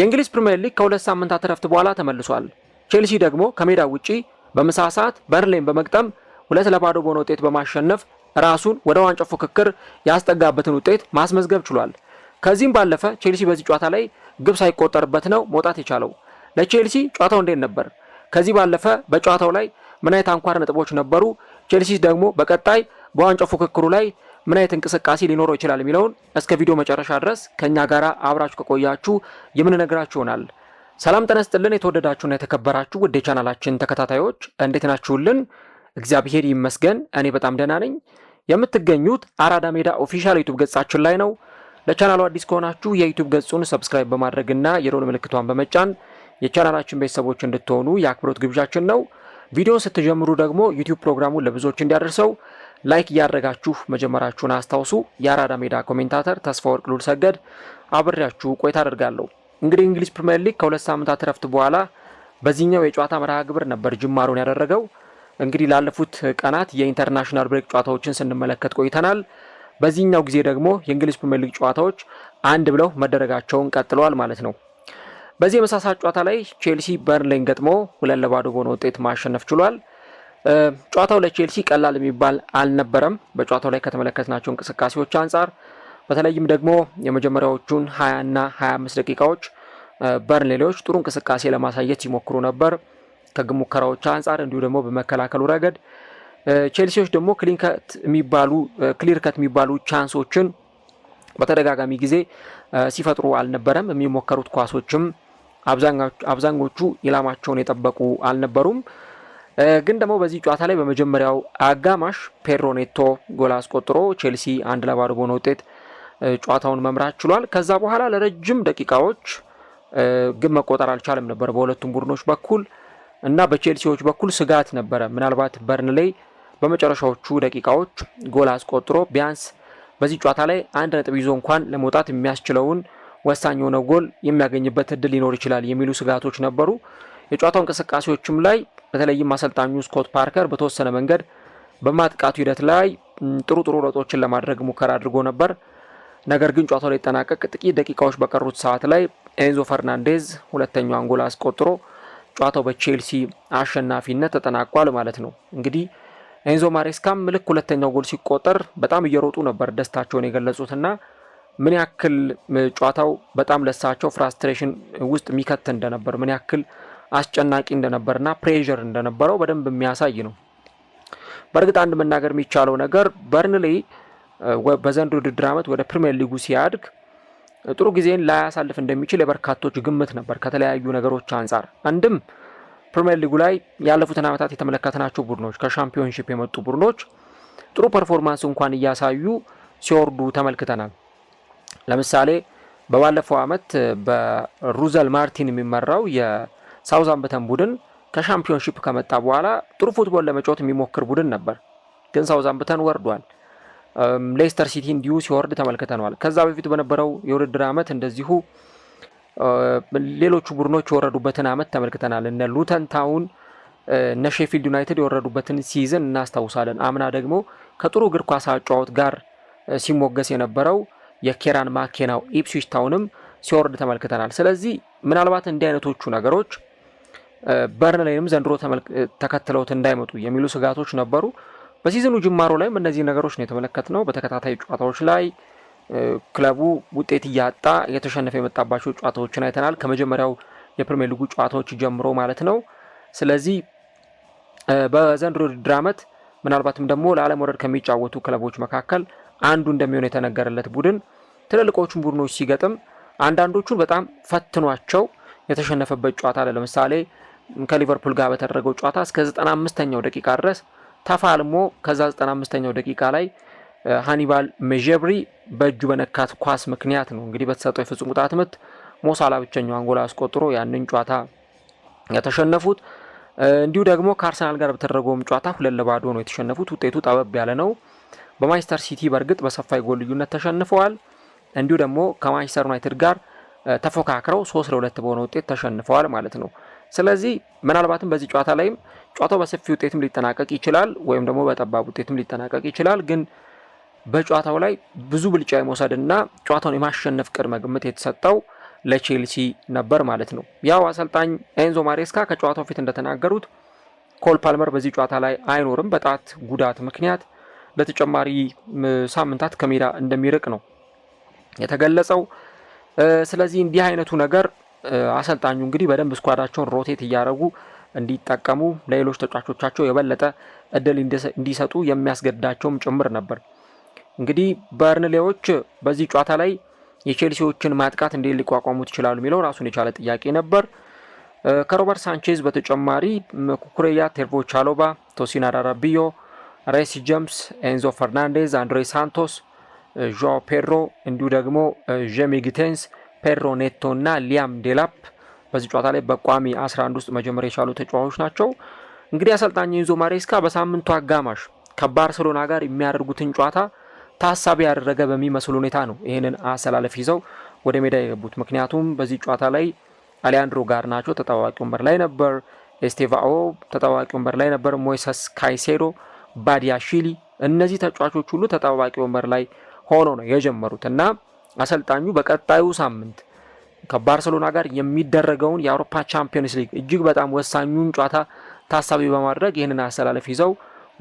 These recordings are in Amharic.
የእንግሊዝ ፕሪምየር ሊግ ከሁለት ሳምንታት እረፍት በኋላ ተመልሷል። ቼልሲ ደግሞ ከሜዳ ውጪ በምሳ ሰዓት በርሌን በመግጠም ሁለት ለባዶ በሆነ ውጤት በማሸነፍ ራሱን ወደ ዋንጫው ፉክክር ያስጠጋበትን ውጤት ማስመዝገብ ችሏል። ከዚህም ባለፈ ቼልሲ በዚህ ጨዋታ ላይ ግብ ሳይቆጠርበት ነው መውጣት የቻለው። ለቼልሲ ጨዋታው እንዴት ነበር? ከዚህ ባለፈ በጨዋታው ላይ ምን አይነት አንኳር ነጥቦች ነበሩ? ቼልሲ ደግሞ በቀጣይ በዋንጫው ፉክክሩ ላይ ምን አይነት እንቅስቃሴ ሊኖረው ይችላል የሚለውን እስከ ቪዲዮ መጨረሻ ድረስ ከእኛ ጋር አብራችሁ ከቆያችሁ የምንነግራችሁ ይሆናል። ሰላም ጠነስጥልን የተወደዳችሁና የተከበራችሁ ውድ የቻናላችን ተከታታዮች እንዴት ናችሁልን? እግዚአብሔር ይመስገን እኔ በጣም ደህና ነኝ። የምትገኙት አራዳ ሜዳ ኦፊሻል ዩቱብ ገጻችን ላይ ነው። ለቻናሉ አዲስ ከሆናችሁ የዩቱብ ገጹን ሰብስክራይብ በማድረግና የደወል ምልክቷን በመጫን የቻናላችን ቤተሰቦች እንድትሆኑ የአክብሮት ግብዣችን ነው። ቪዲዮን ስትጀምሩ ደግሞ ዩቲዩብ ፕሮግራሙን ለብዙዎች እንዲያደርሰው ላይክ እያደረጋችሁ መጀመራችሁን አስታውሱ። የአራዳ ሜዳ ኮሜንታተር ተስፋ ወርቅ ሉል ሰገድ አብሬያችሁ ቆይታ አደርጋለሁ። እንግዲህ እንግሊዝ ፕሪምየር ሊግ ከሁለት ሳምንታት እረፍት በኋላ በዚህኛው የጨዋታ መርሃ ግብር ነበር ጅማሩን ያደረገው። እንግዲህ ላለፉት ቀናት የኢንተርናሽናል ብሬክ ጨዋታዎችን ስንመለከት ቆይተናል። በዚህኛው ጊዜ ደግሞ የእንግሊዝ ፕሪምየር ሊግ ጨዋታዎች አንድ ብለው መደረጋቸውን ቀጥለዋል ማለት ነው። በዚህ የመሳሳት ጨዋታ ላይ ቼልሲ በርንሌን ገጥሞ ሁለት ለባዶ በሆነ ውጤት ማሸነፍ ችሏል። ጨዋታው ለቼልሲ ቀላል የሚባል አልነበረም። በጨዋታው ላይ ከተመለከትናቸው እንቅስቃሴዎች አንጻር በተለይም ደግሞ የመጀመሪያዎቹን 20 እና 25 ደቂቃዎች በርንሌዎች ጥሩ እንቅስቃሴ ለማሳየት ሲሞክሩ ነበር ከግብ ሙከራዎች አንጻር እንዲሁ ደግሞ በመከላከሉ ረገድ ቼልሲዎች ደግሞ ክሊርከት የሚባሉ ቻንሶችን በተደጋጋሚ ጊዜ ሲፈጥሩ አልነበረም። የሚሞከሩት ኳሶችም አብዛኞቹ ኢላማቸውን የጠበቁ አልነበሩም። ግን ደግሞ በዚህ ጨዋታ ላይ በመጀመሪያው አጋማሽ ፔድሮ ኔቶ ጎል አስቆጥሮ ቼልሲ አንድ ለባዶ በሆነ ውጤት ጨዋታውን መምራት ችሏል። ከዛ በኋላ ለረጅም ደቂቃዎች ግን መቆጠር አልቻለም ነበር በሁለቱም ቡድኖች በኩል እና በቼልሲዎች በኩል ስጋት ነበረ። ምናልባት በርንሌይ በመጨረሻዎቹ ደቂቃዎች ጎል አስቆጥሮ ቢያንስ በዚህ ጨዋታ ላይ አንድ ነጥብ ይዞ እንኳን ለመውጣት የሚያስችለውን ወሳኝ የሆነ ጎል የሚያገኝበት እድል ሊኖር ይችላል የሚሉ ስጋቶች ነበሩ። የጨዋታው እንቅስቃሴዎችም ላይ በተለይም አሰልጣኙ ስኮት ፓርከር በተወሰነ መንገድ በማጥቃቱ ሂደት ላይ ጥሩ ጥሩ ለውጦችን ለማድረግ ሙከራ አድርጎ ነበር። ነገር ግን ጨዋታው ሊጠናቀቅ ጥቂት ደቂቃዎች በቀሩት ሰዓት ላይ ኤንዞ ፈርናንዴዝ ሁለተኛው አንጎላ አስቆጥሮ ጨዋታው በቼልሲ አሸናፊነት ተጠናቋል ማለት ነው። እንግዲህ ኤንዞ ማሬስካም ልክ ሁለተኛው ጎል ሲቆጠር በጣም እየሮጡ ነበር ደስታቸውን የገለጹትና ምን ያክል ጨዋታው በጣም ለሳቸው ፍራስትሬሽን ውስጥ የሚከት እንደነበር ምን ያክል አስጨናቂ እንደነበርና ፕሬዥር እንደነበረው በደንብ የሚያሳይ ነው። በእርግጥ አንድ መናገር የሚቻለው ነገር በርንሌ በዘንድሮ ውድድር ዓመት ወደ ፕሪምየር ሊጉ ሲያድግ ጥሩ ጊዜን ላያሳልፍ እንደሚችል የበርካቶች ግምት ነበር። ከተለያዩ ነገሮች አንጻር አንድም ፕሪምየር ሊጉ ላይ ያለፉትን ዓመታት የተመለከትናቸው ቡድኖች ከሻምፒዮንሺፕ የመጡ ቡድኖች ጥሩ ፐርፎርማንስ እንኳን እያሳዩ ሲወርዱ ተመልክተናል። ለምሳሌ በባለፈው ዓመት በሩዘል ማርቲን የሚመራው ሳውዛምፕተን ቡድን ከሻምፒዮንሺፕ ከመጣ በኋላ ጥሩ ፉትቦል ለመጫወት የሚሞክር ቡድን ነበር፣ ግን ሳውዛምፕተን ወርዷል። ሌስተር ሲቲ እንዲሁ ሲወርድ ተመልክተነዋል። ከዛ በፊት በነበረው የውድድር ዓመት እንደዚሁ ሌሎቹ ቡድኖች የወረዱበትን ዓመት ተመልክተናል። እነ ሉተን ታውን እነ ሼፊልድ ዩናይትድ የወረዱበትን ሲዝን እናስታውሳለን። አምና ደግሞ ከጥሩ እግር ኳስ አጫወት ጋር ሲሞገስ የነበረው የኬራን ማኬናው ኢፕስዊች ታውንም ሲወርድ ተመልክተናል። ስለዚህ ምናልባት እንዲህ አይነቶቹ ነገሮች በርንሌንም ዘንድሮ ተከትለውት እንዳይመጡ የሚሉ ስጋቶች ነበሩ። በሲዝኑ ጅማሮ ላይም እነዚህ ነገሮች ነው የተመለከትነው። በተከታታይ ጨዋታዎች ላይ ክለቡ ውጤት እያጣ እየተሸነፈ የመጣባቸው ጨዋታዎችን አይተናል፣ ከመጀመሪያው የፕሪሚየር ሊጉ ጨዋታዎች ጀምሮ ማለት ነው። ስለዚህ በዘንድሮ ውድድር ዓመት ምናልባትም ደግሞ ለዓለም ወረድ ከሚጫወቱ ክለቦች መካከል አንዱ እንደሚሆን የተነገረለት ቡድን ትልልቆቹን ቡድኖች ሲገጥም አንዳንዶቹን በጣም ፈትኗቸው የተሸነፈበት ጨዋታ አለ። ለምሳሌ ከሊቨርፑል ጋር በተደረገው ጨዋታ እስከ 95ኛው ደቂቃ ድረስ ተፋልሞ ከዛ 95ኛው ደቂቃ ላይ ሃኒባል መጀብሪ በእጁ በነካት ኳስ ምክንያት ነው እንግዲህ በተሰጠው የፍጹም ቅጣት ምት ሞሳላ ብቸኛው አንጎላ አስቆጥሮ ያንን ጨዋታ የተሸነፉት። እንዲሁ ደግሞ ከአርሰናል ጋር በተደረገውም ጨዋታ ሁለት ለባዶ ነው የተሸነፉት። ውጤቱ ጠበብ ያለ ነው። በማንቸስተር ሲቲ በእርግጥ በሰፋ ጎል ልዩነት ተሸንፈዋል። እንዲሁ ደግሞ ከማንቸስተር ዩናይትድ ጋር ተፎካክረው ሶስት ለሁለት በሆነ ውጤት ተሸንፈዋል ማለት ነው። ስለዚህ ምናልባትም በዚህ ጨዋታ ላይም ጨዋታው በሰፊ ውጤትም ሊጠናቀቅ ይችላል፣ ወይም ደግሞ በጠባብ ውጤትም ሊጠናቀቅ ይችላል። ግን በጨዋታው ላይ ብዙ ብልጫ የመውሰድና ጨዋታውን የማሸነፍ ቅድመ ግምት የተሰጠው ለቼልሲ ነበር ማለት ነው። ያው አሰልጣኝ ኤንዞ ማሬስካ ከጨዋታው ፊት እንደተናገሩት ኮል ፓልመር በዚህ ጨዋታ ላይ አይኖርም በጣት ጉዳት ምክንያት ለተጨማሪ ሳምንታት ከሜዳ እንደሚርቅ ነው የተገለጸው። ስለዚህ እንዲህ አይነቱ ነገር አሰልጣኙ እንግዲህ በደንብ ስኳዳቸውን ሮቴት እያደረጉ እንዲጠቀሙ ለሌሎች ተጫዋቾቻቸው የበለጠ እድል እንዲሰጡ የሚያስገድዳቸውም ጭምር ነበር። እንግዲህ በርንሌዎች በዚህ ጨዋታ ላይ የቼልሲዎችን ማጥቃት እንዴት ሊቋቋሙት ይችላሉ የሚለው ራሱን የቻለ ጥያቄ ነበር። ከሮበርት ሳንቼዝ በተጨማሪ ኩኩሬያ፣ ቴርቮ ቻሎባ፣ ቶሲን አራራቢዮ፣ ሬሲ ጀምስ፣ ኤንዞ ፈርናንዴዝ፣ አንድሬ ሳንቶስ፣ ዣ ፔድሮ እንዲሁ ደግሞ ዤሚ ጊቴንስ ፔድሮ ኔቶ እና ሊያም ዴላፕ በዚህ ጨዋታ ላይ በቋሚ 11 ውስጥ መጀመር የቻሉ ተጫዋቾች ናቸው። እንግዲህ አሰልጣኝ ኢንዞ ማሬስካ በሳምንቱ አጋማሽ ከባርሰሎና ጋር የሚያደርጉትን ጨዋታ ታሳቢ ያደረገ በሚመስል ሁኔታ ነው ይህንን አሰላለፍ ይዘው ወደ ሜዳ የገቡት። ምክንያቱም በዚህ ጨዋታ ላይ አሊያንድሮ ጋር ናቸው ተጠባባቂ ወንበር ላይ ነበር። ኤስቴቫኦ ተጠባባቂ ወንበር ላይ ነበር። ሞይሰስ ካይሴዶ፣ ባዲያሺሊ እነዚህ ተጫዋቾች ሁሉ ተጠባባቂ ወንበር ላይ ሆኖ ነው የጀመሩት እና አሰልጣኙ በቀጣዩ ሳምንት ከባርሰሎና ጋር የሚደረገውን የአውሮፓ ቻምፒዮንስ ሊግ እጅግ በጣም ወሳኙን ጨዋታ ታሳቢ በማድረግ ይህንን አሰላለፍ ይዘው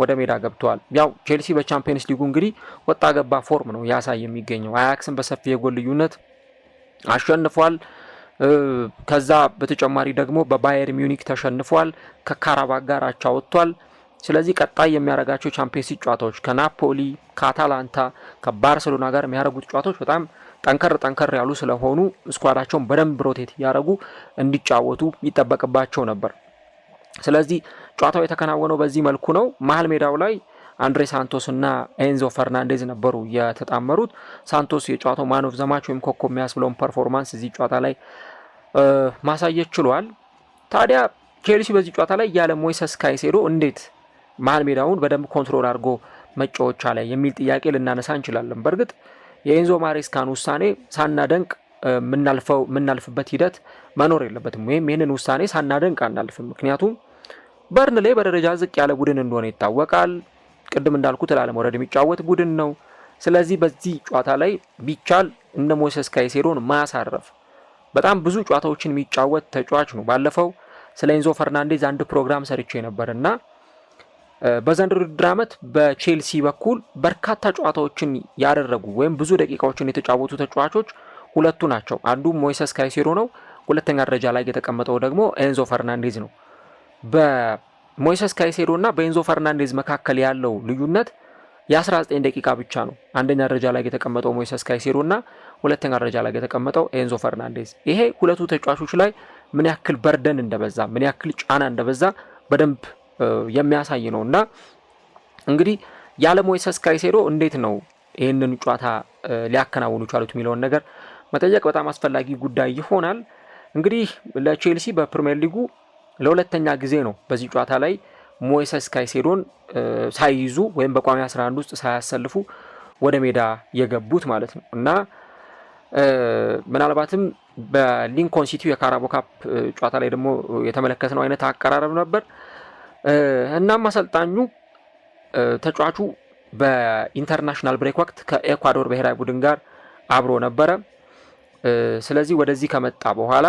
ወደ ሜዳ ገብተዋል። ያው ቼልሲ በቻምፒዮንስ ሊጉ እንግዲህ ወጣ ገባ ፎርም ነው ያሳይ የሚገኘው። አያክስን በሰፊ የጎል ልዩነት አሸንፏል። ከዛ በተጨማሪ ደግሞ በባየር ሚዩኒክ ተሸንፏል። ከካራባ ጋር አቻ ወጥቷል። ስለዚህ ቀጣይ የሚያደርጋቸው ቻምፒየንስ ጨዋታዎች ከናፖሊ፣ ከአታላንታ፣ ከባርሴሎና ጋር የሚያደርጉት ጨዋታዎች በጣም ጠንከር ጠንከር ያሉ ስለሆኑ ስኳዳቸውን በደንብ ሮቴት እያደረጉ እንዲጫወቱ ይጠበቅባቸው ነበር። ስለዚህ ጨዋታው የተከናወነው በዚህ መልኩ ነው። መሀል ሜዳው ላይ አንድሬ ሳንቶስ እና ኤንዞ ፈርናንዴዝ ነበሩ የተጣመሩት። ሳንቶስ የጨዋታው ማን ኦፍ ወይም ኮከብ የሚያስብለውን ፐርፎርማንስ እዚህ ጨዋታ ላይ ማሳየት ችሏል። ታዲያ ቼልሲ በዚህ ጨዋታ ላይ ያለ ሞይሰስ ካይሴዶ እንዴት መሀል ሜዳውን በደንብ ኮንትሮል አድርጎ መጫወቻ ላይ የሚል ጥያቄ ልናነሳ እንችላለን። በእርግጥ የኤንዞ ማሬስካን ውሳኔ ሳናደንቅ የምናልፈው የምናልፍበት ሂደት መኖር የለበትም ወይም ይህንን ውሳኔ ሳናደንቅ አናልፍም። ምክንያቱም በርን ላይ በደረጃ ዝቅ ያለ ቡድን እንደሆነ ይታወቃል። ቅድም እንዳልኩት ላለመውረድ የሚጫወት ቡድን ነው። ስለዚህ በዚህ ጨዋታ ላይ ቢቻል እነ ሞሴስ ካይሴዶን ማሳረፍ በጣም ብዙ ጨዋታዎችን የሚጫወት ተጫዋች ነው። ባለፈው ስለ ኢንዞ ፈርናንዴዝ አንድ ፕሮግራም ሰርቼ ነበር እና በዘንድሮ ውድድር ዓመት በቼልሲ በኩል በርካታ ጨዋታዎችን ያደረጉ ወይም ብዙ ደቂቃዎችን የተጫወቱ ተጫዋቾች ሁለቱ ናቸው። አንዱ ሞይሰስ ካይሴሮ ነው። ሁለተኛ ደረጃ ላይ የተቀመጠው ደግሞ ኤንዞ ፈርናንዴዝ ነው። በሞይሰስ ካይሴዶ እና በኤንዞ ፈርናንዴዝ መካከል ያለው ልዩነት የ19 ደቂቃ ብቻ ነው። አንደኛ ደረጃ ላይ የተቀመጠው ሞይሰስ ካይሴዶ እና ሁለተኛ ደረጃ ላይ የተቀመጠው ኤንዞ ፈርናንዴዝ። ይሄ ሁለቱ ተጫዋቾች ላይ ምን ያክል በርደን እንደበዛ ምን ያክል ጫና እንደበዛ በደንብ የሚያሳይ ነው እና እንግዲህ ያለ ሞይሰስ ካይሴዶ እንዴት ነው ይህንን ጨዋታ ሊያከናውኑ ቻሉት የሚለውን ነገር መጠየቅ በጣም አስፈላጊ ጉዳይ ይሆናል። እንግዲህ ለቼልሲ በፕሪምየር ሊጉ ለሁለተኛ ጊዜ ነው በዚህ ጨዋታ ላይ ሞይሰስ ካይሴዶን ሳይይዙ ወይም በቋሚ 11 ውስጥ ሳያሰልፉ ወደ ሜዳ የገቡት ማለት ነው እና ምናልባትም በሊንኮን ሲቲው የካራቦ ካፕ ጨዋታ ላይ ደግሞ የተመለከትነው አይነት አቀራረብ ነበር። እናም አሰልጣኙ ተጫዋቹ በኢንተርናሽናል ብሬክ ወቅት ከኤኳዶር ብሔራዊ ቡድን ጋር አብሮ ነበረ። ስለዚህ ወደዚህ ከመጣ በኋላ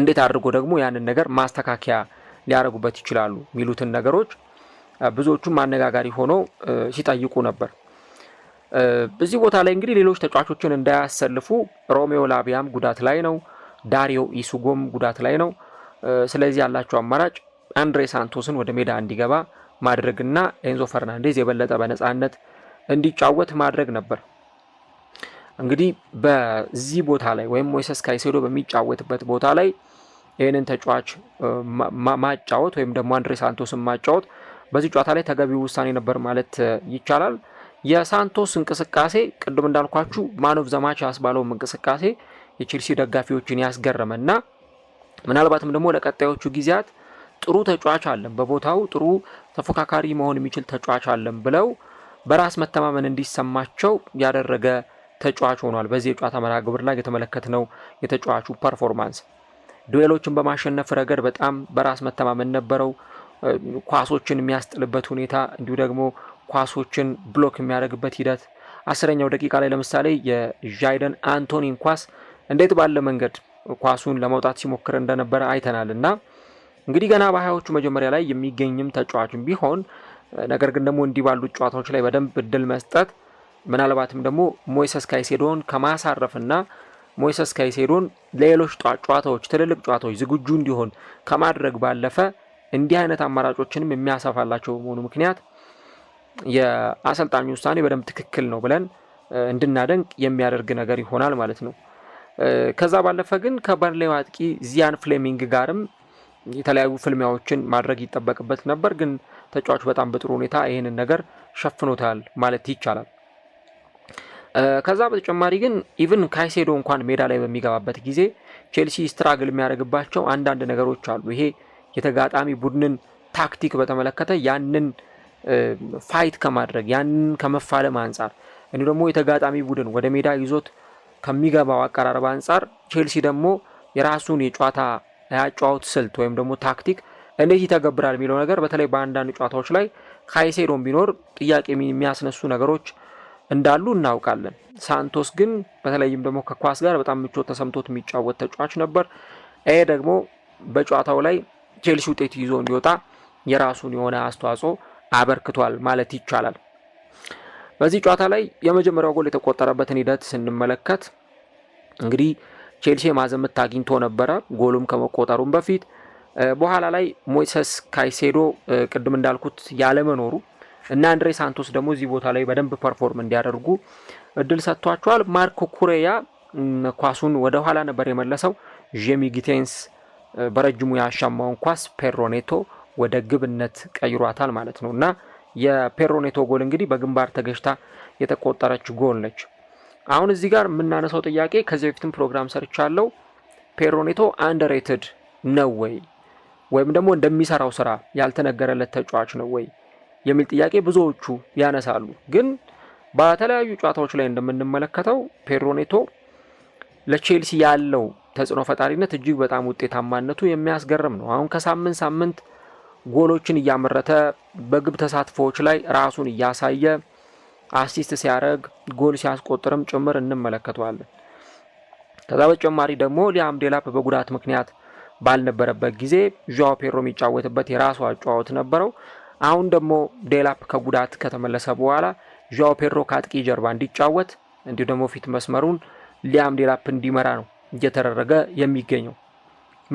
እንዴት አድርጎ ደግሞ ያንን ነገር ማስተካከያ ሊያደርጉበት ይችላሉ የሚሉትን ነገሮች ብዙዎቹም ማነጋጋሪ ሆነው ሲጠይቁ ነበር። በዚህ ቦታ ላይ እንግዲህ ሌሎች ተጫዋቾችን እንዳያሰልፉ ሮሜዮ ላቢያም ጉዳት ላይ ነው፣ ዳሪዮ ኢሱጎም ጉዳት ላይ ነው። ስለዚህ ያላቸው አማራጭ አንድሬ ሳንቶስን ወደ ሜዳ እንዲገባ ማድረግና ኤንዞ ፈርናንዴዝ የበለጠ በነፃነት እንዲጫወት ማድረግ ነበር። እንግዲህ በዚህ ቦታ ላይ ወይም ሞይሰስ ካይሴዶ በሚጫወትበት ቦታ ላይ ይህንን ተጫዋች ማጫወት ወይም ደግሞ አንድሬ ሳንቶስን ማጫወት በዚህ ጨዋታ ላይ ተገቢው ውሳኔ ነበር ማለት ይቻላል። የሳንቶስ እንቅስቃሴ ቅድም እንዳልኳችሁ ማኖቭ ዘማች ያስባለውም እንቅስቃሴ የቼልሲ ደጋፊዎችን ያስገረመና ምናልባትም ደግሞ ለቀጣዮቹ ጊዜያት ጥሩ ተጫዋች አለን፣ በቦታው ጥሩ ተፎካካሪ መሆን የሚችል ተጫዋች አለን ብለው በራስ መተማመን እንዲሰማቸው ያደረገ ተጫዋች ሆኗል። በዚህ የጨዋታ መርሃ ግብር ላይ የተመለከትነው የተጫዋቹ ፐርፎርማንስ ዱኤሎችን በማሸነፍ ረገድ በጣም በራስ መተማመን ነበረው። ኳሶችን የሚያስጥልበት ሁኔታ እንዲሁ ደግሞ ኳሶችን ብሎክ የሚያደርግበት ሂደት አስረኛው ደቂቃ ላይ ለምሳሌ የዣይደን አንቶኒን ኳስ እንዴት ባለ መንገድ ኳሱን ለመውጣት ሲሞክር እንደነበረ አይተናል እና እንግዲህ ገና በሀያዎቹ መጀመሪያ ላይ የሚገኝም ተጫዋችም ቢሆን ነገር ግን ደግሞ እንዲህ ባሉት ጨዋታዎች ላይ በደንብ እድል መስጠት ምናልባትም ደግሞ ሞይሰስ ካይሴዶን ከማሳረፍና ሞይሰስ ካይሴዶን ለሌሎች ጨዋታዎች ትልልቅ ጨዋታዎች ዝግጁ እንዲሆን ከማድረግ ባለፈ እንዲህ አይነት አማራጮችንም የሚያሰፋላቸው በመሆኑ ምክንያት የአሰልጣኙ ውሳኔ በደንብ ትክክል ነው ብለን እንድናደንቅ የሚያደርግ ነገር ይሆናል ማለት ነው። ከዛ ባለፈ ግን ከበርሌው አጥቂ ዚያን ፍሌሚንግ ጋርም የተለያዩ ፍልሚያዎችን ማድረግ ይጠበቅበት ነበር፣ ግን ተጫዋቹ በጣም በጥሩ ሁኔታ ይህንን ነገር ሸፍኖታል ማለት ይቻላል። ከዛ በተጨማሪ ግን ኢቭን ካይሴዶ እንኳን ሜዳ ላይ በሚገባበት ጊዜ ቼልሲ ስትራግል የሚያደርግባቸው አንዳንድ ነገሮች አሉ። ይሄ የተጋጣሚ ቡድንን ታክቲክ በተመለከተ ያንን ፋይት ከማድረግ ያንን ከመፋለም አንጻር እኒ ደግሞ የተጋጣሚ ቡድን ወደ ሜዳ ይዞት ከሚገባው አቀራረብ አንጻር ቼልሲ ደግሞ የራሱን የጨዋታ የአጨዋወት ስልት ወይም ደግሞ ታክቲክ እንዴት ይተገብራል የሚለው ነገር በተለይ በአንዳንድ ጨዋታዎች ላይ ካይሴዶን ቢኖር ጥያቄ የሚያስነሱ ነገሮች እንዳሉ እናውቃለን። ሳንቶስ ግን በተለይም ደግሞ ከኳስ ጋር በጣም ምቾት ተሰምቶት የሚጫወት ተጫዋች ነበር። ይሄ ደግሞ በጨዋታው ላይ ቼልሲ ውጤት ይዞ እንዲወጣ የራሱን የሆነ አስተዋጽኦ አበርክቷል ማለት ይቻላል። በዚህ ጨዋታ ላይ የመጀመሪያው ጎል የተቆጠረበትን ሂደት ስንመለከት እንግዲህ ቼልሲ የማዕዘን ምት አግኝቶ ነበረ ጎሉም ከመቆጠሩም በፊት በኋላ ላይ ሞይሰስ ካይሴዶ ቅድም እንዳልኩት ያለመኖሩ እና አንድሬ ሳንቶስ ደግሞ እዚህ ቦታ ላይ በደንብ ፐርፎርም እንዲያደርጉ እድል ሰጥቷቸዋል። ማርክ ኩሬያ ኳሱን ወደ ኋላ ነበር የመለሰው። ዤሚ ጊቴንስ በረጅሙ ያሻማውን ኳስ ፔሮኔቶ ወደ ግብነት ቀይሯታል ማለት ነው እና የፔሮኔቶ ጎል እንግዲህ በግንባር ተገጭታ የተቆጠረች ጎል ነች። አሁን እዚህ ጋር የምናነሳው ጥያቄ ከዚህ በፊትም ፕሮግራም ሰርቻለሁ። ፔሮኔቶ አንደሬትድ ነው ወይ ወይም ደግሞ እንደሚሰራው ስራ ያልተነገረለት ተጫዋች ነው ወይ የሚል ጥያቄ ብዙዎቹ ያነሳሉ። ግን በተለያዩ ጨዋታዎች ላይ እንደምንመለከተው ፔሮኔቶ ለቼልሲ ያለው ተጽዕኖ ፈጣሪነት እጅግ በጣም ውጤታማነቱ የሚያስገርም ነው። አሁን ከሳምንት ሳምንት ጎሎችን እያመረተ በግብ ተሳትፎዎች ላይ ራሱን እያሳየ አሲስት ሲያደርግ ጎል ሲያስቆጥርም ጭምር እንመለከተዋለን። ከዛ በተጨማሪ ደግሞ ሊያም ዴላፕ በጉዳት ምክንያት ባልነበረበት ጊዜ ዣዋ ፔሮ የሚጫወትበት የራሱ አጨዋወት ነበረው። አሁን ደግሞ ዴላፕ ከጉዳት ከተመለሰ በኋላ ዣዋ ፔሮ ከአጥቂ ጀርባ እንዲጫወት እንዲሁ ደግሞ ፊት መስመሩን ሊያም ዴላፕ እንዲመራ ነው እየተደረገ የሚገኘው።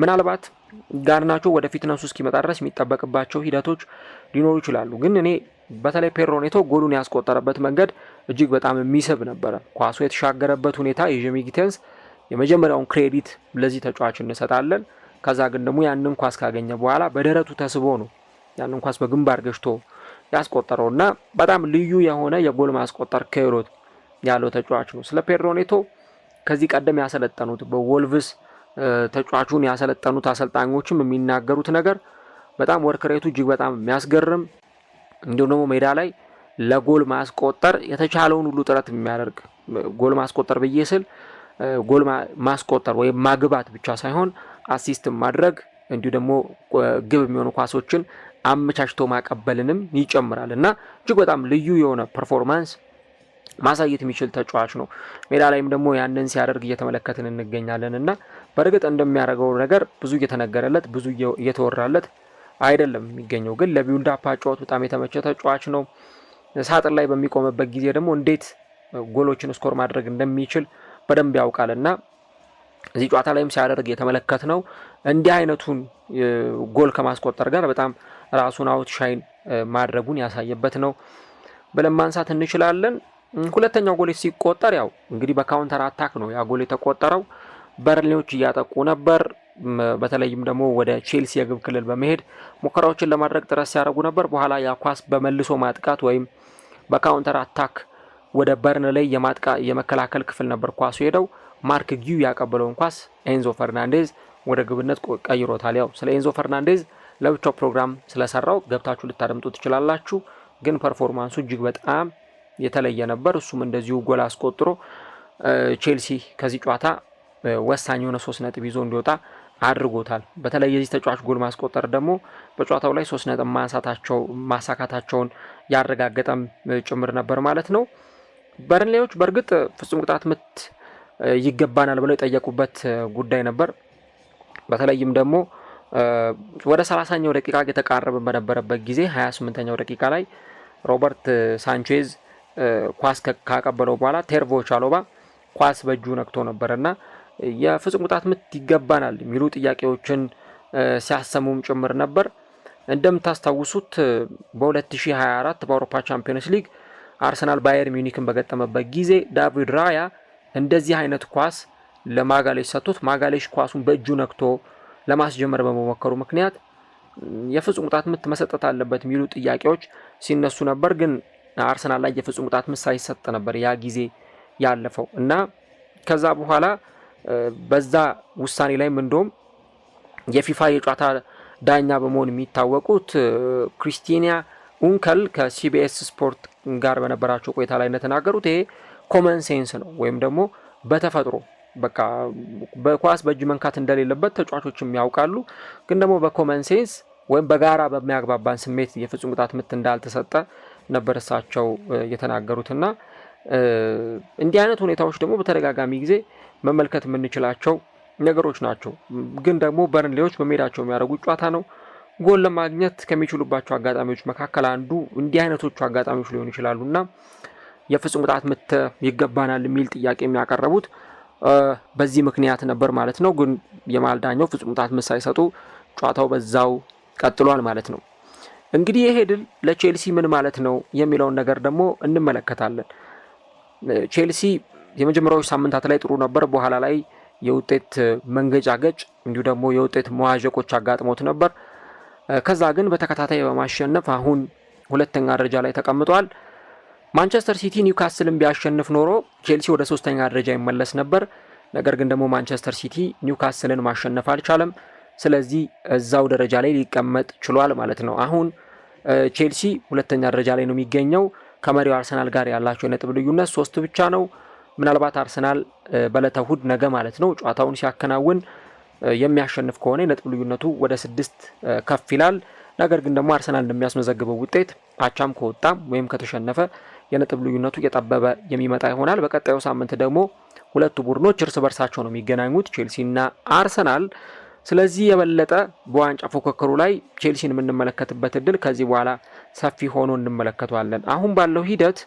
ምናልባት ጋርናቾ ወደፊት ነሱ እስኪመጣ ድረስ የሚጠበቅባቸው ሂደቶች ሊኖሩ ይችላሉ፣ ግን እኔ በተለይ ፔድሮ ኔቶ ጎሉን ያስቆጠረበት መንገድ እጅግ በጣም የሚስብ ነበረ። ኳሱ የተሻገረበት ሁኔታ የጄሚ ጊቴንስ የመጀመሪያውን ክሬዲት ለዚህ ተጫዋች እንሰጣለን። ከዛ ግን ደግሞ ያንን ኳስ ካገኘ በኋላ በደረቱ ተስቦ ነው ያንን ኳስ በግንባር ገሽቶ ያስቆጠረው እና በጣም ልዩ የሆነ የጎል ማስቆጠር ክህሎት ያለው ተጫዋች ነው። ስለ ፔድሮ ኔቶ ከዚህ ቀደም ያሰለጠኑት በወልቭስ ተጫዋቹን ያሰለጠኑት አሰልጣኞችም የሚናገሩት ነገር በጣም ወርክሬቱ እጅግ በጣም የሚያስገርም እንዲሁም ደግሞ ሜዳ ላይ ለጎል ማስቆጠር የተቻለውን ሁሉ ጥረት የሚያደርግ ጎል ማስቆጠር ብዬ ስል ጎል ማስቆጠር ወይም ማግባት ብቻ ሳይሆን አሲስት ማድረግ እንዲሁ ደግሞ ግብ የሚሆኑ ኳሶችን አመቻችቶ ማቀበልንም ይጨምራል እና እጅግ በጣም ልዩ የሆነ ፐርፎርማንስ ማሳየት የሚችል ተጫዋች ነው። ሜዳ ላይም ደግሞ ያንን ሲያደርግ እየተመለከትን እንገኛለን እና በእርግጥ እንደሚያደርገው ነገር ብዙ እየተነገረለት ብዙ እየተወራለት አይደለም የሚገኘው። ግን ለቢውልዳፕ አጨዋወት በጣም የተመቸ ተጫዋች ነው። ሳጥን ላይ በሚቆምበት ጊዜ ደግሞ እንዴት ጎሎችን ስኮር ማድረግ እንደሚችል በደንብ ያውቃል እና እዚህ ጨዋታ ላይም ሲያደርግ የተመለከት ነው። እንዲህ አይነቱን ጎል ከማስቆጠር ጋር በጣም ራሱን አውት ሻይን ማድረጉን ያሳየበት ነው ብለን ማንሳት እንችላለን። ሁለተኛው ጎል ሲቆጠር ያው እንግዲህ በካውንተር አታክ ነው ያ ጎል የተቆጠረው። በርሌዎች እያጠቁ ነበር። በተለይም ደግሞ ወደ ቼልሲ የግብ ክልል በመሄድ ሙከራዎችን ለማድረግ ጥረት ሲያደርጉ ነበር። በኋላ ያ ኳስ በመልሶ ማጥቃት ወይም በካውንተር አታክ ወደ በርን ላይ የማጥቃ የመከላከል ክፍል ነበር ኳሱ ሄደው ማርክ ጊዩ ያቀበለውን ኳስ ኤንዞ ፈርናንዴዝ ወደ ግብነት ቀይሮታል። ያው ስለ ኤንዞ ፈርናንዴዝ ለብቻው ፕሮግራም ስለሰራው ገብታችሁ ልታደምጡ ትችላላችሁ። ግን ፐርፎርማንሱ እጅግ በጣም የተለየ ነበር። እሱም እንደዚሁ ጎል አስቆጥሮ ቼልሲ ከዚህ ጨዋታ ወሳኝ የሆነ ሶስት ነጥብ ይዞ እንዲወጣ አድርጎታል። በተለይ የዚህ ተጫዋች ጎል ማስቆጠር ደግሞ በጨዋታው ላይ ሶስት ነጥብ ማንሳታቸው ማሳካታቸውን ያረጋገጠም ጭምር ነበር ማለት ነው። በርንሌዎች በእርግጥ ፍጹም ቅጣት ምት ይገባናል ብለው የጠየቁበት ጉዳይ ነበር። በተለይም ደግሞ ወደ ሰላሳኛው ደቂቃ የተቃረበ በነበረበት ጊዜ 28 ስምንተኛው ደቂቃ ላይ ሮበርት ሳንቼዝ ኳስ ካቀበለው በኋላ ቴርቮ ቻሎባ ኳስ በእጁ ነክቶ ነበርና የፍጹም ቅጣት ምት ይገባናል የሚሉ ጥያቄዎችን ሲያሰሙም ጭምር ነበር። እንደምታስታውሱት በ2024 በአውሮፓ ቻምፒዮንስ ሊግ አርሰናል ባየር ሚኒክን በገጠመበት ጊዜ ዳቪድ ራያ እንደዚህ አይነት ኳስ ለማጋሌሽ ሰጥቶት ማጋሌሽ ኳሱን በእጁ ነክቶ ለማስጀመር በመሞከሩ ምክንያት የፍጹም ቅጣት ምት መሰጠት አለበት የሚሉ ጥያቄዎች ሲነሱ ነበር። ግን አርሰናል ላይ የፍጹም ቅጣት ምት ሳይሰጥ ነበር ያ ጊዜ ያለፈው እና ከዛ በኋላ በዛ ውሳኔ ላይም እንደውም የፊፋ የጨዋታ ዳኛ በመሆን የሚታወቁት ክሪስቲኒያ ኡንከል ከሲቢኤስ ስፖርት ጋር በነበራቸው ቆይታ ላይ እንደተናገሩት ይሄ ኮመን ሴንስ ነው ወይም ደግሞ በተፈጥሮ በቃ በኳስ በእጅ መንካት እንደሌለበት ተጫዋቾችም ያውቃሉ። ግን ደግሞ በኮመን ሴንስ ወይም በጋራ በሚያግባባን ስሜት የፍጹም ቅጣት ምት እንዳልተሰጠ ነበር እሳቸው የተናገሩትና እንዲህ አይነት ሁኔታዎች ደግሞ በተደጋጋሚ ጊዜ መመልከት የምንችላቸው ነገሮች ናቸው። ግን ደግሞ በርንሌዎች በሜዳቸው የሚያደርጉት ጨዋታ ነው። ጎል ለማግኘት ከሚችሉባቸው አጋጣሚዎች መካከል አንዱ እንዲህ አይነቶቹ አጋጣሚዎች ሊሆኑ ይችላሉ እና የፍጹም ቅጣት ምት ይገባናል የሚል ጥያቄ የሚያቀረቡት በዚህ ምክንያት ነበር ማለት ነው። ግን የመሃል ዳኛው ፍጹም ቅጣት ምት ሳይሰጡ ጨዋታው በዛው ቀጥሏል ማለት ነው። እንግዲህ ይሄ ድል ለቼልሲ ምን ማለት ነው የሚለውን ነገር ደግሞ እንመለከታለን። ቼልሲ የመጀመሪያዎች ሳምንታት ላይ ጥሩ ነበር። በኋላ ላይ የውጤት መንገጫገጭ እንዲሁ ደግሞ የውጤት መዋዠቆች አጋጥሞት ነበር። ከዛ ግን በተከታታይ በማሸነፍ አሁን ሁለተኛ ደረጃ ላይ ተቀምጧል። ማንቸስተር ሲቲ ኒውካስልን ቢያሸንፍ ኖሮ ቼልሲ ወደ ሶስተኛ ደረጃ ይመለስ ነበር። ነገር ግን ደግሞ ማንቸስተር ሲቲ ኒውካስልን ማሸነፍ አልቻለም። ስለዚህ እዛው ደረጃ ላይ ሊቀመጥ ችሏል ማለት ነው። አሁን ቼልሲ ሁለተኛ ደረጃ ላይ ነው የሚገኘው። ከመሪው አርሰናል ጋር ያላቸው የነጥብ ልዩነት ሶስት ብቻ ነው። ምናልባት አርሰናል በዕለተ እሁድ ነገ ማለት ነው ጨዋታውን ሲያከናውን የሚያሸንፍ ከሆነ የነጥብ ልዩነቱ ወደ ስድስት ከፍ ይላል። ነገር ግን ደግሞ አርሰናል እንደሚያስመዘግበው ውጤት አቻም ከወጣ ወይም ከተሸነፈ የነጥብ ልዩነቱ እየጠበበ የሚመጣ ይሆናል። በቀጣዩ ሳምንት ደግሞ ሁለቱ ቡድኖች እርስ በርሳቸው ነው የሚገናኙት፣ ቼልሲና አርሰናል። ስለዚህ የበለጠ በዋንጫ ፉክክሩ ላይ ቼልሲን የምንመለከትበት እድል ከዚህ በኋላ ሰፊ ሆኖ እንመለከተዋለን። አሁን ባለው ሂደት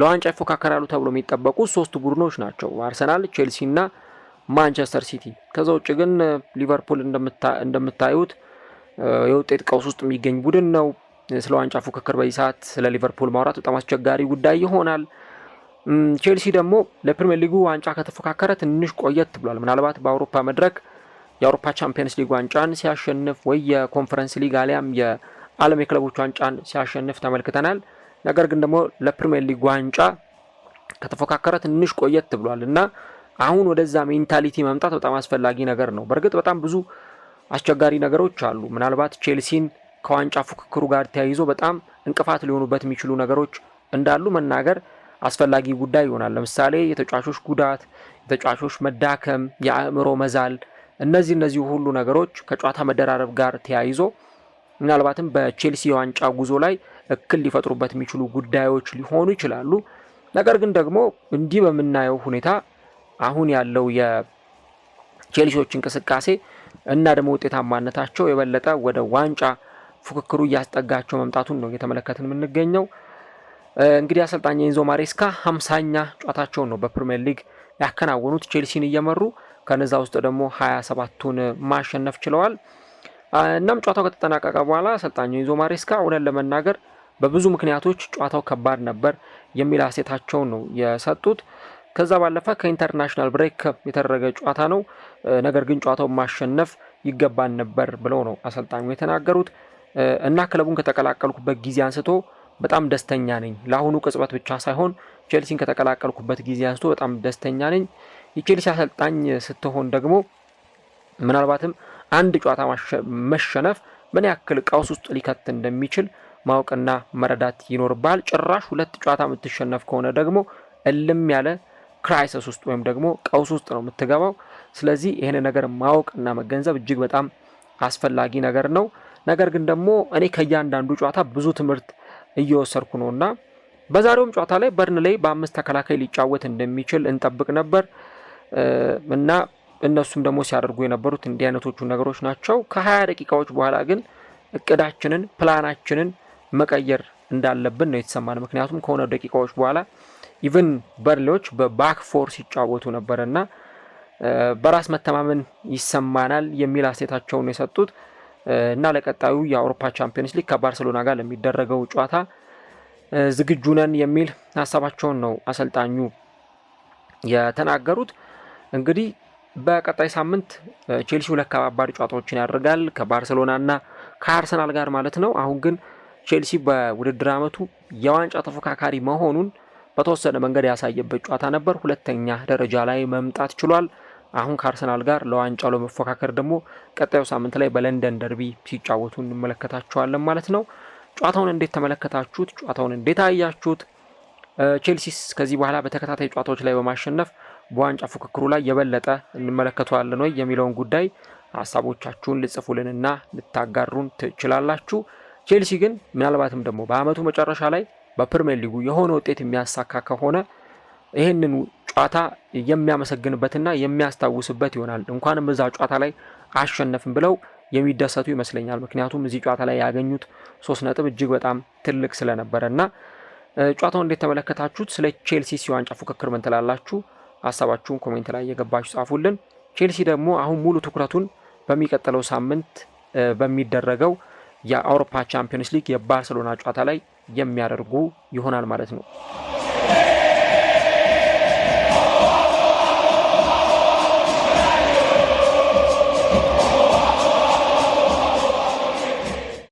ለዋንጫ ይፎካከራሉ ተብሎ የሚጠበቁ ሶስት ቡድኖች ናቸው አርሰናል፣ ቼልሲ እና ማንቸስተር ሲቲ። ከዛ ውጭ ግን ሊቨርፑል እንደምታዩት የውጤት ቀውስ ውስጥ የሚገኝ ቡድን ነው። ስለ ዋንጫ ፉክክር በዚህ ሰዓት ስለ ሊቨርፑል ማውራት በጣም አስቸጋሪ ጉዳይ ይሆናል። ቼልሲ ደግሞ ለፕሪሚየር ሊጉ ዋንጫ ከተፎካከረ ትንሽ ቆየት ብሏል። ምናልባት በአውሮፓ መድረክ የአውሮፓ ቻምፒየንስ ሊግ ዋንጫን ሲያሸንፍ ወይ የኮንፈረንስ ሊግ አሊያም የዓለም የክለቦች ዋንጫን ሲያሸንፍ ተመልክተናል። ነገር ግን ደግሞ ለፕሪሚየር ሊግ ዋንጫ ከተፎካከረ ትንሽ ቆየት ብሏል እና አሁን ወደዛ ሜንታሊቲ መምጣት በጣም አስፈላጊ ነገር ነው። በእርግጥ በጣም ብዙ አስቸጋሪ ነገሮች አሉ። ምናልባት ቼልሲን ከዋንጫ ፉክክሩ ጋር ተያይዞ በጣም እንቅፋት ሊሆኑበት የሚችሉ ነገሮች እንዳሉ መናገር አስፈላጊ ጉዳይ ይሆናል። ለምሳሌ የተጫዋቾች ጉዳት፣ የተጫዋቾች መዳከም፣ የአእምሮ መዛል፣ እነዚህ እነዚህ ሁሉ ነገሮች ከጨዋታ መደራረብ ጋር ተያይዞ ምናልባትም በቼልሲ የዋንጫ ጉዞ ላይ እክል ሊፈጥሩበት የሚችሉ ጉዳዮች ሊሆኑ ይችላሉ። ነገር ግን ደግሞ እንዲህ በምናየው ሁኔታ አሁን ያለው የቼልሲዎች እንቅስቃሴ እና ደግሞ ውጤታማነታቸው የበለጠ ወደ ዋንጫ ፉክክሩ እያስጠጋቸው መምጣቱን ነው እየተመለከትን የምንገኘው። እንግዲህ አሰልጣኝ ኢንዞ ማሬስካ ሀምሳኛ ጨዋታቸውን ነው በፕሪምየር ሊግ ያከናወኑት ቼልሲን እየመሩ ከነዛ ውስጥ ደግሞ ሀያ ሰባቱን ማሸነፍ ችለዋል። እናም ጨዋታው ከተጠናቀቀ በኋላ አሰልጣኙ ኢንዞ ማሬስካ እውነት ለመናገር በብዙ ምክንያቶች ጨዋታው ከባድ ነበር የሚል አሴታቸውን ነው የሰጡት። ከዛ ባለፈ ከኢንተርናሽናል ብሬክ የተደረገ ጨዋታ ነው፣ ነገር ግን ጨዋታውን ማሸነፍ ይገባን ነበር ብለው ነው አሰልጣኙ የተናገሩት። እና ክለቡን ከተቀላቀልኩበት ጊዜ አንስቶ በጣም ደስተኛ ነኝ። ለአሁኑ ቅጽበት ብቻ ሳይሆን ቼልሲን ከተቀላቀልኩበት ጊዜ አንስቶ በጣም ደስተኛ ነኝ። የቼልሲ አሰልጣኝ ስትሆን ደግሞ ምናልባትም አንድ ጨዋታ መሸነፍ ምን ያክል ቀውስ ውስጥ ሊከት እንደሚችል ማወቅና መረዳት ይኖርባል። ጭራሽ ሁለት ጨዋታ የምትሸነፍ ከሆነ ደግሞ እልም ያለ ክራይሰስ ውስጥ ወይም ደግሞ ቀውስ ውስጥ ነው የምትገባው። ስለዚህ ይህን ነገር ማወቅና መገንዘብ እጅግ በጣም አስፈላጊ ነገር ነው። ነገር ግን ደግሞ እኔ ከእያንዳንዱ ጨዋታ ብዙ ትምህርት እየወሰድኩ ነው እና በዛሬውም ጨዋታ ላይ በርን ላይ በአምስት ተከላካይ ሊጫወት እንደሚችል እንጠብቅ ነበር እና እነሱም ደግሞ ሲያደርጉ የነበሩት እንዲህ አይነቶቹ ነገሮች ናቸው። ከሀያ ደቂቃዎች በኋላ ግን እቅዳችንን ፕላናችንን መቀየር እንዳለብን ነው የተሰማን። ምክንያቱም ከሆነ ደቂቃዎች በኋላ ኢቨን በርሌዎች በባክ ፎር ሲጫወቱ ነበረና በራስ መተማመን ይሰማናል የሚል አስተያየታቸውን የሰጡት እና ለቀጣዩ የአውሮፓ ቻምፒዮንስ ሊግ ከባርሴሎና ጋር ለሚደረገው ጨዋታ ዝግጁ ነን የሚል ሀሳባቸውን ነው አሰልጣኙ የተናገሩት። እንግዲህ በቀጣይ ሳምንት ቼልሲ ሁለት ከባባድ ጨዋታዎችን ያደርጋል ከባርሴሎናና ከአርሰናል ጋር ማለት ነው። አሁን ግን ቼልሲ በውድድር ዓመቱ የዋንጫ ተፎካካሪ መሆኑን በተወሰነ መንገድ ያሳየበት ጨዋታ ነበር። ሁለተኛ ደረጃ ላይ መምጣት ችሏል። አሁን ከአርሰናል ጋር ለዋንጫው ለመፎካከር ደግሞ ቀጣዩ ሳምንት ላይ በለንደን ደርቢ ሲጫወቱ እንመለከታቸዋለን ማለት ነው። ጨዋታውን እንዴት ተመለከታችሁት? ጨዋታውን እንዴት አያችሁት? ቼልሲስ ከዚህ በኋላ በተከታታይ ጨዋታዎች ላይ በማሸነፍ በዋንጫ ፉክክሩ ላይ የበለጠ እንመለከተዋለን ወይ የሚለውን ጉዳይ ሀሳቦቻችሁን ልጽፉልንና ልታጋሩን ትችላላችሁ። ቼልሲ ግን ምናልባትም ደግሞ በአመቱ መጨረሻ ላይ በፕሪሚየር ሊጉ የሆነ ውጤት የሚያሳካ ከሆነ ይህንን ጨዋታ የሚያመሰግንበትና የሚያስታውስበት ይሆናል። እንኳንም እዛ ጨዋታ ላይ አሸነፍን ብለው የሚደሰቱ ይመስለኛል። ምክንያቱም እዚህ ጨዋታ ላይ ያገኙት ሶስት ነጥብ እጅግ በጣም ትልቅ ስለነበረ እና ጨዋታውን እንዴት ተመለከታችሁት? ስለ ቼልሲ የዋንጫ ፉክክር ምን ትላላችሁ? ሀሳባችሁን ኮሜንት ላይ እየገባችሁ ጻፉልን። ቼልሲ ደግሞ አሁን ሙሉ ትኩረቱን በሚቀጥለው ሳምንት በሚደረገው የአውሮፓ ቻምፒዮንስ ሊግ የባርሰሎና ጨዋታ ላይ የሚያደርጉ ይሆናል ማለት ነው።